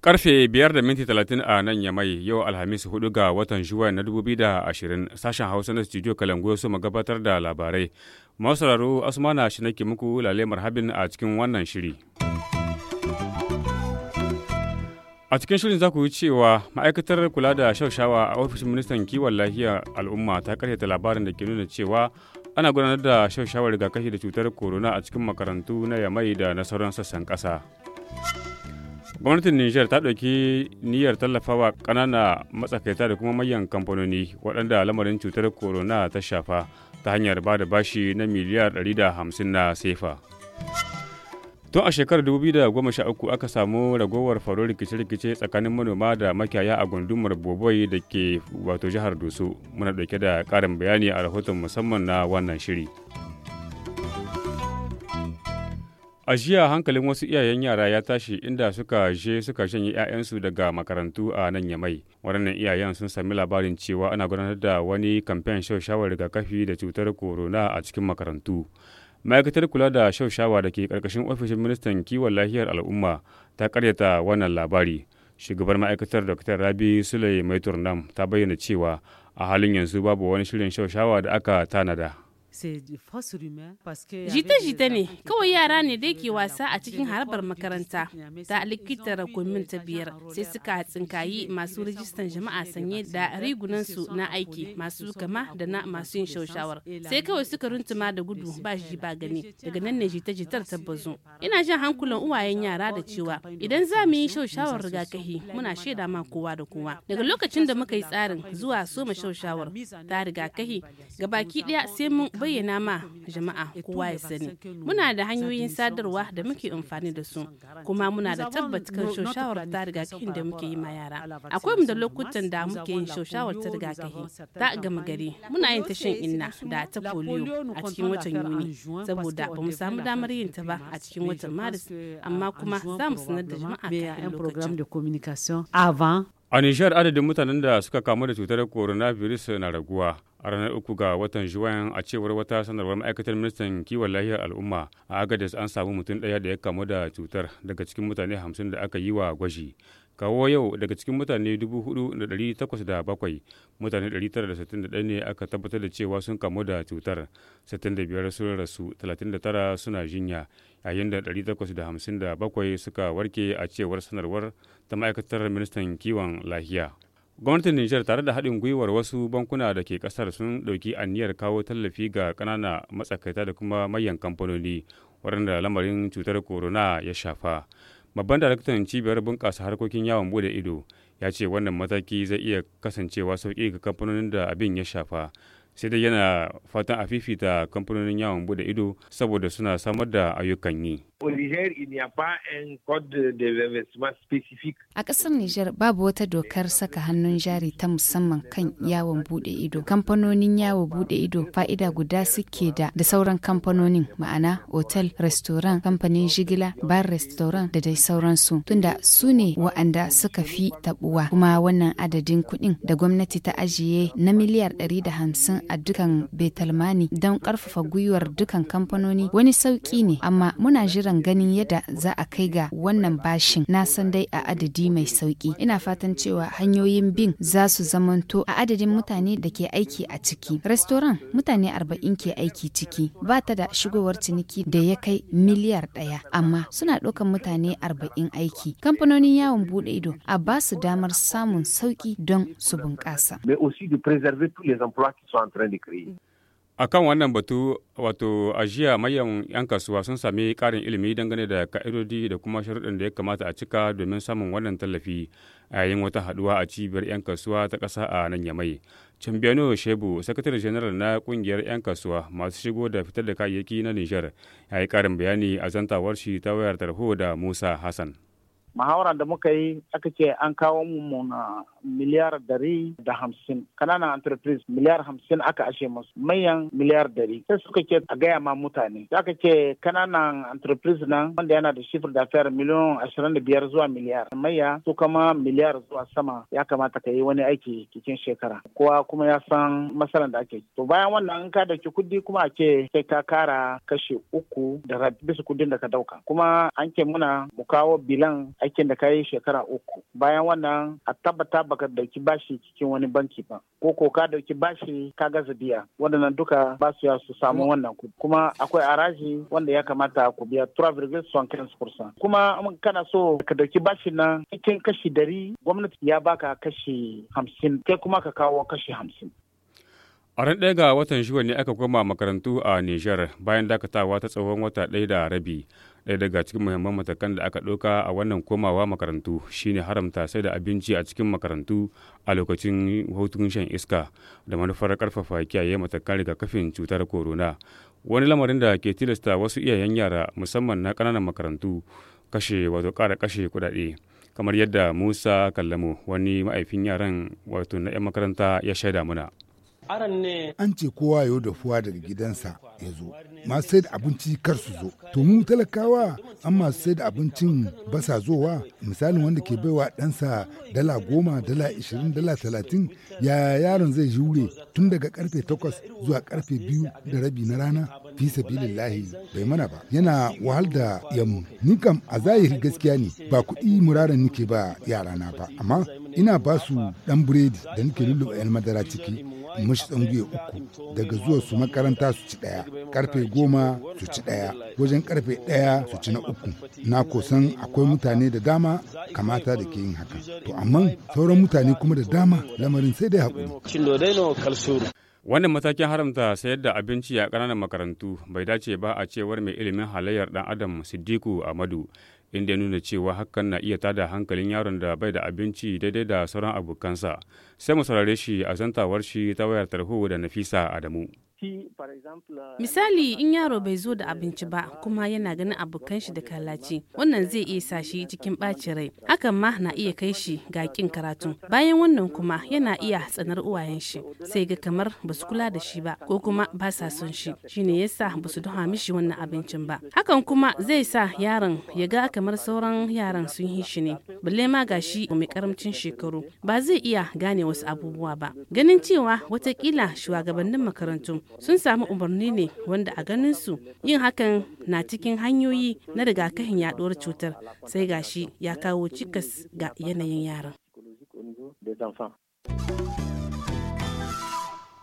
Karfe biyar da minti talatin a nan ya mai yau Alhamis hudu ga watan Juwai na dubu da ashirin sashen Hausa na studio Kalangu ma gabatar da labarai. Masu sauraro Asmana shi nake muku lalemar habin a cikin wannan shiri. A cikin shirin za ku yi cewa ma'aikatar kula da shaushawa a ofishin ministan kiwon lafiya al'umma ta karyata labarin da ke nuna cewa ana gudanar da shaushawar rigakafi da cutar corona a cikin makarantu na yamai da na sauran sassan ƙasa. Gwamnatin Nijar ta ɗauki niyyar tallafawa ƙanana matsakaita da kuma manyan kamfanoni waɗanda lamarin cutar corona ta shafa ta hanyar ba da bashi na miliyar 150 na sefa. Tun a shekarar 2013 aka samu ragowar faro rikice-rikice tsakanin manoma da makiyaya a gundumar Boboi da ke wato jihar Doso. Muna dauke da karin bayani a rahoton musamman na wannan shiri. A jiya hankalin wasu iyayen yara ya tashi inda suka je suka shanye 'ya'yansu daga makarantu a nan Yamai. Waɗannan iyayen sun sami labarin cewa ana gudanar da wani kamfen shawarar rigakafi da cutar corona a cikin makarantu. ma'aikatar kula da shaushawa da ke ƙarƙashin ofishin ministan kiwon lafiyar al'umma ta karyata wannan labari shugabar ma'aikatar dr rabi sule maiturnam ta bayyana cewa a halin yanzu babu wani shirin shaushawa da aka tanada. Jita-jita ne, kawai yara ne da ke wasa a cikin harabar makaranta ta likitar kumin ta biyar sai suka tsinkayi masu rijistan jama'a sanye da rigunansu na aiki masu kama da na masu yin shaushawar. Sai kawai suka runtuma da gudu ba shi ba gani daga nan ne jita-jitar ta bazu. Ina jan hankulan uwayen yara da cewa idan za mu yi shaushawar rigakafi muna shaida ma kowa da kowa. Daga lokacin da muka yi tsarin zuwa soma shaushawar ta rigakafi gabaki ɗaya sai mun bayyana ma jama'a kowa ya sani muna da hanyoyin sadarwa da muke amfani da su kuma muna da tabbat kan shoshawarta rigakafin da muke yi ma yara akwai mu da lokutan da muke yin shoshawarta rigakafi ta gama gari muna yin ta shan inna da ta polio a cikin watan yuni saboda ba mu samu damar yin ta ba a cikin watan maris amma kuma za mu sanar da jama'a kafin lokacin. A Nijar adadin mutanen da suka kamu da cutar coronavirus na raguwa a ranar uku ga watan juwan a cewar wata sanarwar ma'aikatar ministan kiwon lafiyar al'umma a agadis an samu mutum ɗaya da ya kamu da cutar daga cikin mutane hamsin da aka yi wa gwaji kawo yau daga cikin mutane 4,807 mutane 961 ne aka tabbatar da cewa sun kamu da cutar 65 sun rasu 39 suna jinya yayin da 857 suka warke a cewar sanarwar ta ma'aikatar ministan kiwon lahiya Gwamnatin Nijar tare da haɗin gwiwar wasu bankuna da ke ƙasar sun ɗauki aniyar kawo tallafi ga ƙanana matsakaita da kuma manyan kamfanoni waɗanda lamarin cutar corona ya shafa. Babban daraktan cibiyar bunƙasa harkokin yawon bude ido ya ce wannan mataki zai iya kasancewa sauƙi ga kamfanonin da abin ya shafa. sai dai yana fatan a fifita kamfanonin yawon bude ido saboda suna samar da ayyukan yi. A ƙasar Nijar babu wata dokar saka hannun jari ta musamman kan yawon bude ido. Kamfanonin yawon bude ido fa'ida guda suke da da sauran kamfanonin ma'ana otel, restoran, kamfanin jigila, bar restoran da dai sauransu. Tunda su ne wa'anda suka fi tabuwa kuma wannan adadin kuɗin da gwamnati ta ajiye na miliyar ɗari da hamsin a dukan Betalmani don ƙarfafa gwiwar dukan kamfanoni wani sauƙi ne amma muna jiran ganin yadda za a kai ga wannan bashin na san dai a adadi mai sauƙi. Ina fatan cewa hanyoyin bin za su zamanto a adadin mutane da ke aiki a ciki. Restoran mutane arba'in ke aiki ciki ba ta da shigowar ciniki da ya kai miliyar ɗaya amma suna ɗaukan mutane arba'in aiki. Kamfanonin yawon buɗe ido a ba su damar samun sauƙi don su bunƙasa. a kan wannan batu wato a jiya mayan 'yan kasuwa sun sami karin ilimi dangane da ka'idodi da kuma sharuɗin da ya kamata a cika domin samun wannan tallafi a yayin wata haɗuwa a cibiyar 'yan kasuwa ta ƙasa a nan yamai cambiano shebu sakatare general na ƙungiyar 'yan kasuwa masu shigo da fitar da kayayyaki na niger ya yi karin bayani a zantawar shi ta wayar tarho da musa hassan muhawarar da muka yi aka ce an kawo mu na miliyar dari da hamsin kananan entreprise miliyar hamsin aka ashe musu manyan miliyar dari sai suka ke a gaya ma mutane za ka ce kananan entreprise nan wanda yana da shifir da fiyar miliyan ashirin da biyar zuwa miliyar maya su kama miliyar zuwa sama ya kamata ka yi wani aiki cikin shekara kowa kuma ya san masalan da ake to bayan wannan in ka dauki kuɗi kuma a ce sai ka kara kashe uku da rabi bisa kuɗin da ka dauka kuma an ke muna mu kawo bilan aikin da ka yi shekara uku bayan wannan a tabbata baka dauki bashi cikin wani banki ba ko ko ka dauki bashi ka gaza biya waɗannan duka ba su ya su samu mm. wannan kuɗi kuma akwai araji wanda ya kamata ku biya 3.75% kuma kana so ka dauki bashi na cikin kashi dari gwamnati ya baka kashi hamsin kai kuma ka kawo kashi hamsin A ran ɗaya ga watan shiwa ne aka koma makarantu a Nijar bayan dakatawa ta tsawon wata ɗaya da rabi. ɗaya daga cikin muhimman matakan da aka ɗauka a wannan komawa makarantu shine haramta sai da abinci a cikin makarantu a lokacin hutun shan iska da manufar karfafa kiyaye matakan rigakafin cutar corona wani lamarin da ke tilasta wasu iyayen yara musamman na kananan makarantu kashe wato ƙara kashe kuɗaɗe kamar yadda musa kallamo wani ma'aifin yaran wato na 'yan makaranta ya shaida muna. An ce kowa yau da fuwa daga gidansa ya zo, masu sai da abinci kar su zo to mu talakawa an masu sai da abincin ba sa zowa misalin wanda ke baiwa ɗansa dala goma dala ishirin dala talatin ya yaron zai jure tun daga karfe takwas zuwa karfe biyu da rabi na rana fi sabilillahi bai mana ba yana wahal da yamu ni kam a zahiri gaskiya ne ba kuɗi muraren nike ba yarana ba amma ina ba su ɗan biredi da nike lulluɓa yan madara ciki mush guye uku daga zuwa su makaranta su ci ɗaya karfe goma su ci ɗaya wajen karfe ɗaya su ci na uku na kosan akwai mutane da dama kamata da ke yin haka to amma sauran mutane kuma da dama lamarin sai dai haƙuri wannan matakin haramta sayar da abinci a ƙananan makarantu bai dace ba a cewar mai ilimin halayyar ɗan adam siddiku amadu inda ya nuna cewa hakan na iya tada hankalin yaron da bai da abinci daidai da sauran abokansa sai mu saurare shi a zantawar shi ta wayar tarho da nafisa adamu Misali in yaro bai zo da abinci ba kuma yana ganin abokan shi da kalaci wannan zai iya sa shi cikin ɓacin rai hakan ma na iya kai shi ga kin karatu bayan wannan kuma yana iya tsanar uwayen shi sai ga kamar ba su kula da shi ba ko kuma ba sa son shi shine yasa ba su duha mishi wannan abincin ba hakan kuma zai sa yaron ya ga kamar sauran yaran sun yi shi ne balle ma ga shi mai karamcin shekaru ba zai iya gane wasu abubuwa ba ganin cewa watakila shugabannin makarantu sun samu umarni ne wanda a ganin su yin hakan na cikin hanyoyi na rigakafin yaduwar cutar sai gashi ya kawo cikas ga yanayin yaran.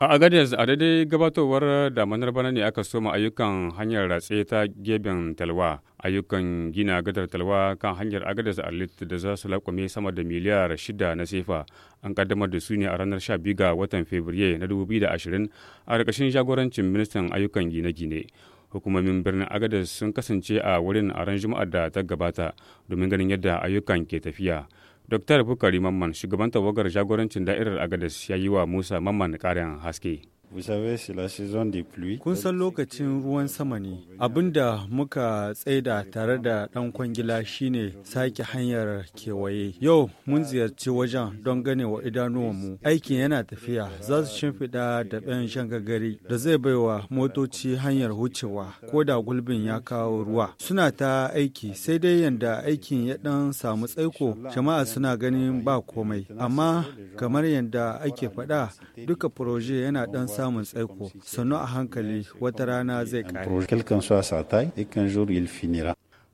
A Agadez a daidai gabatowar damanar bana ne aka soma ayyukan hanyar ratse ta geben talwa. Ayyukan gina gadar talwa kan hanyar agadis a da za su lakwame sama da miliyar shida na sefa. An kaddamar da su ne a ranar 12 ga watan Fabriye na 2020 a ƙarƙashin jagorancin ministan ayyukan gine-gine. Hukumomin birnin agadis sun kasance a wurin a ran Juma'ar da ta gabata domin ganin yadda ayyukan ke tafiya. Dr. Bukari Mamman, shugaban tawagar jagorancin da'irar Agadez ya yi wa Musa Mamman ƙarin haske. Kun san lokacin ruwan sama ne, abin da muka tsaida tare da ɗan kwangila shine sake hanyar kewaye. Yau mun ziyarci wajen don gane wa idanuwanmu. Aikin yana tafiya, za su shimfiɗa da ɗan shangagari da zai baiwa motoci hanyar wucewa, ko da gulbin ya kawo ruwa. Suna ta aiki, sai dai yanda aikin ya ɗan samu tsaiko, jama'a suna ganin ba komai. Amma kamar yanda ake faɗa, duka yana ɗan samun tsaiko sannu a hankali wata rana zai kare.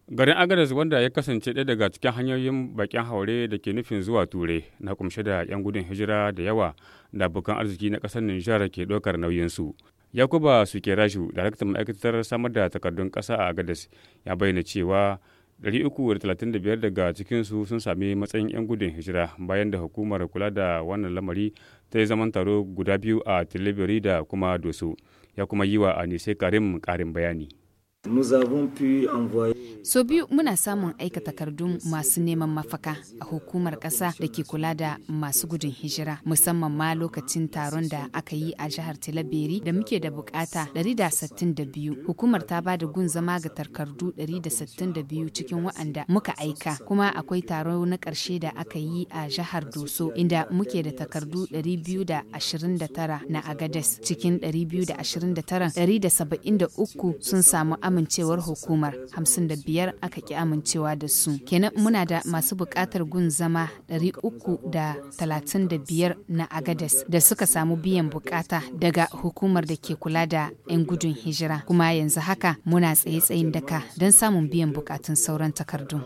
Garin Agadas wanda ya kasance ɗaya daga cikin hanyoyin bakin haure da ke nufin zuwa Turai na kumshe da 'yan gudun hijira da yawa da abokan arziki na ƙasar Nijar ke ɗaukar nauyinsu. Yakuba Sukerashu, daraktan ma'aikatar samar da takardun ƙasa a Agadas, ya bayyana cewa 335 daga cikinsu sun sami matsayin 'yan gudun hijira bayan da hukumar kula da wannan lamari ta yi zaman taro guda biyu a tilibiri da kuma doso ya kuma yi wa anise karim karin bayani So biyu muna samun aika takardun masu neman mafaka a hukumar ƙasa da ke kula da masu gudun hijira musamman ma lokacin taron da aka yi a jihar Tilaberi da muke da bukata 162. Hukumar ta ba da gun zama ga takardu 162 cikin waɗanda muka aika kuma akwai taro na ƙarshe da aka yi a jihar Doso inda muke da takardu 229 na Agades cikin 229 173 sun samu amincewar hukumar 55 aka ki amincewa da su kenan muna da masu buƙatar gun zama 335 na agadas da suka samu biyan bukata daga hukumar da ke kula da 'yan gudun hijira kuma yanzu haka muna tsaye tsayin daka don samun biyan bukatun sauran takardu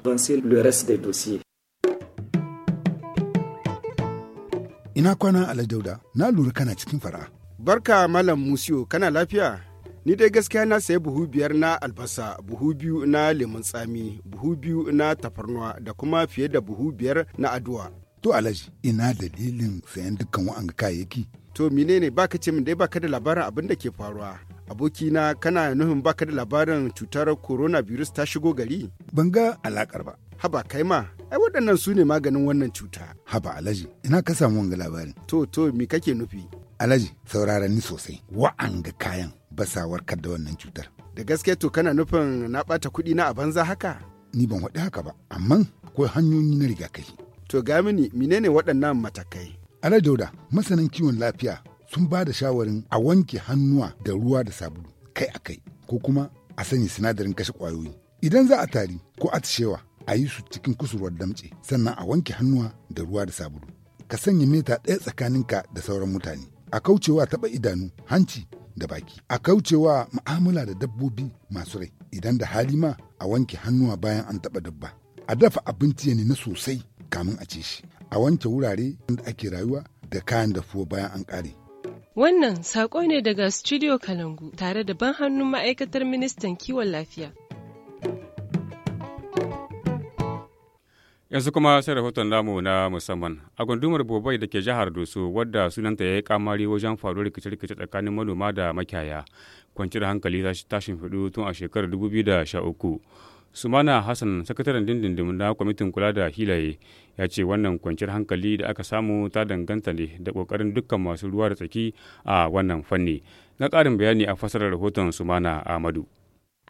ina kwana aladauda na lura kana cikin fara barka malam musiyo kana lafiya Ni dai gaskiya na sayi buhu biyar na albasa, buhu biyu na lemun tsami, buhu biyu na tafarnuwa da kuma fiye da buhu biyar na aduwa. To alaji ina dalilin sayan dukkan wa'an kayayyaki. To menene baka ce min dai baka da labarin abin da ke faruwa. Abokina kana nufin baka da labarin cutar coronavirus ta shigo gari? Ban ga alakar ba. Haba kai ma, ai waɗannan su ne maganin wannan cuta. Haba alaji, ina ka samu wanga labarin. To to me kake nufi? Alaji, saurara ni sosai. Wa'anga kayan basa warkar da wannan cutar. Da gaske to kana nufin na bata kuɗi na a banza haka? Ni ban waɗi haka ba, amma akwai hanyoyi na rigakafi. To ga mini menene waɗannan matakai? Ala Dauda, masanan kiwon lafiya sun ba da shawarin a wanke hannuwa da ruwa da sabulu kai a kai ko kuma a sanya sinadarin kashe ƙwayoyi. Idan za a tari ko a tashewa a yi su cikin kusurwar damtse sannan a wanke hannuwa da ruwa da sabulu. Ka sanya mita ɗaya tsakaninka da sauran mutane. A kaucewa taɓa idanu, hanci da baki a kaucewa mu'amala da dabbobi masu rai idan da hali ma a wanke hannuwa bayan an taɓa dabba a dafa abinci ya na sosai kamin a ci shi a wanke wurare da ake rayuwa da kayan dafuwa bayan an ƙare wannan saƙo ne daga studio kalangu tare da ban hannun ma'aikatar ministan kiwon lafiya yanzu kuma sai rahoton namu na musamman a gundumar bobai da ke jihar doso wadda sunanta ya yi kamari wajen faruwar rikice-rikice tsakanin manoma da makiyaya kwanciyar hankali ta shimfiɗu tun a shekarar 2013 sumana hassan sakataren dindindin na kwamitin kula da hilaye ya ce wannan kwanciyar hankali da aka samu ta danganta ne da kokarin dukkan masu ruwa da tsaki a wannan fanni na ƙarin bayani a fasarar rahoton sumana ahmadu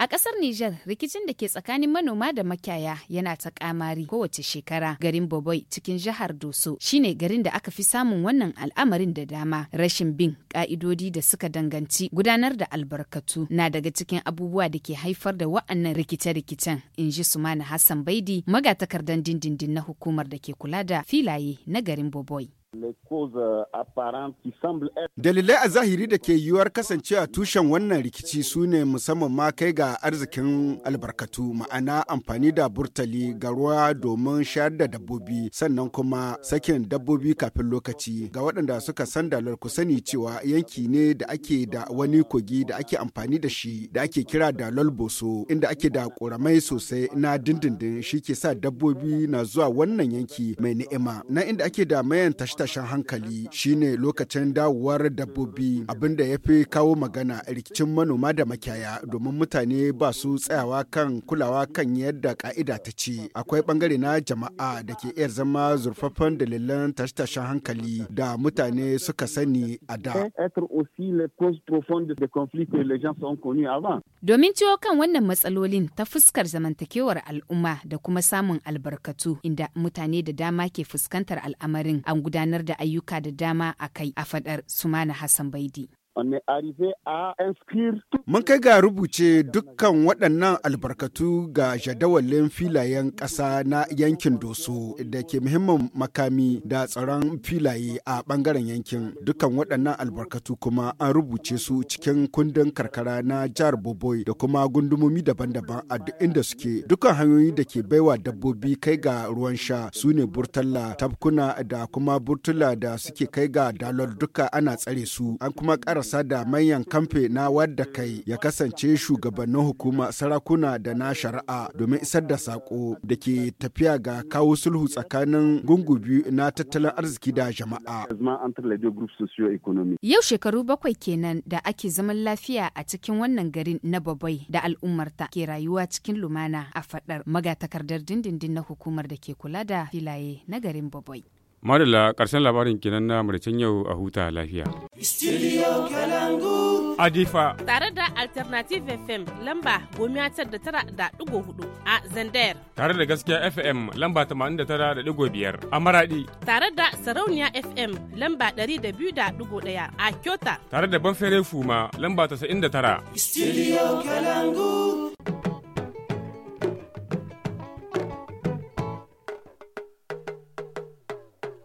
A ƙasar Nijar, rikicin da ke tsakanin manoma da makyaya yana ta ƙamari kowace shekara. Garin Boboi cikin jihar Doso shine garin da aka fi samun wannan al'amarin da dama. Rashin bin ƙa'idodi da suka danganci gudanar da albarkatu na daga cikin abubuwa da ke haifar da wa'annan rikice-rikicen, in ji Sumana Hassan Baidi, magatakardan dindindin na hukumar da ke kula da filaye na garin Boboi. Euh, Dalilai a zahiri da ke yiwuwar kasancewa tushen wannan rikici su ne musamman ma kai ga arzikin albarkatu ma'ana amfani da burtali ga ruwa domin shayar da dabbobi sannan kuma sakin dabbobi kafin lokaci ga waɗanda suka san dalar ku sani cewa yanki ne da ake da wani kogi da ake amfani da shi da ake kira da lolboso inda ake da ƙoramai sosai na dindindin shi ke sa dabbobi na zuwa wannan yanki mai ni'ima na inda ake da mayan tashi tashin tashen hankali shine lokacin dawowar dabbobi abinda ya fi kawo magana rikicin manoma da makiyaya domin mutane ba su tsayawa kan kulawa kan yadda ka'ida ta ce akwai bangare na jama'a da ke iya zama zurfafan dalilan tashe-tashen hankali da mutane suka sani a da. Domin ciwo kan wannan matsalolin ta fuskar zamantakewar al'umma da kuma samun albarkatu inda mutane da dama ke fuskantar al'amarin an gudanar gudanar da ayyuka da dama a kai a fadar Sumana Hassan Baidi. Mun kai ga rubuce dukkan waɗannan albarkatu ga jadawalin filayen ƙasa na yankin Doso da ke muhimmin makami da tsaron filaye a ɓangaren yankin. Dukkan waɗannan albarkatu kuma an rubuce su cikin kundin karkara na jihar Boboi da kuma gundumomi daban-daban a duk inda suke. Dukkan hanyoyi da ke baiwa dabbobi kai ga ruwan sha su ne burtalla, tabkuna da kuma burtula da suke kai ga dalol duka ana tsare su. An kuma ƙara karasa da manyan kamfe na wadda kai ya kasance shugabannin hukuma sarakuna da na shari'a domin isar da sako da ke tafiya ga kawo sulhu tsakanin gungu biyu na tattalin arziki da jama'a. Yau shekaru bakwai kenan da ake zaman lafiya a cikin wannan garin na Babai da al'ummarta ke rayuwa cikin lumana a faɗar magatakardar dindindin na hukumar da ke kula da filaye na garin Babai. Madalla ƙarshen labarin kenan na Mauritania yau a huta lafiya. Studio Kalangu. Adifa. Tare da Alternative FM lamba gomiya tar da tara da ɗigo hudu a Zandayar. Tare da gaskiya FM lamba tamanin da tara da ɗigo biyar a Maradi. Tare da Sarauniya FM lamba ɗari da biyu da ɗigo ɗaya a Kyota. Tare da Banfere Fuma lamba tasa'in da tara. Studio Kalangu.